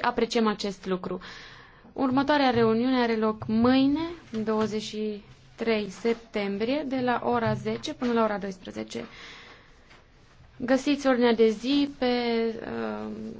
apreciem acest lucru. Următoarea reuniune are loc mâine, 23 septembrie, de la ora 10 până la ora 12. Găsiți ordinea de zi pe uh,